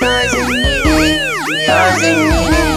Gözün yedi, gözün yedi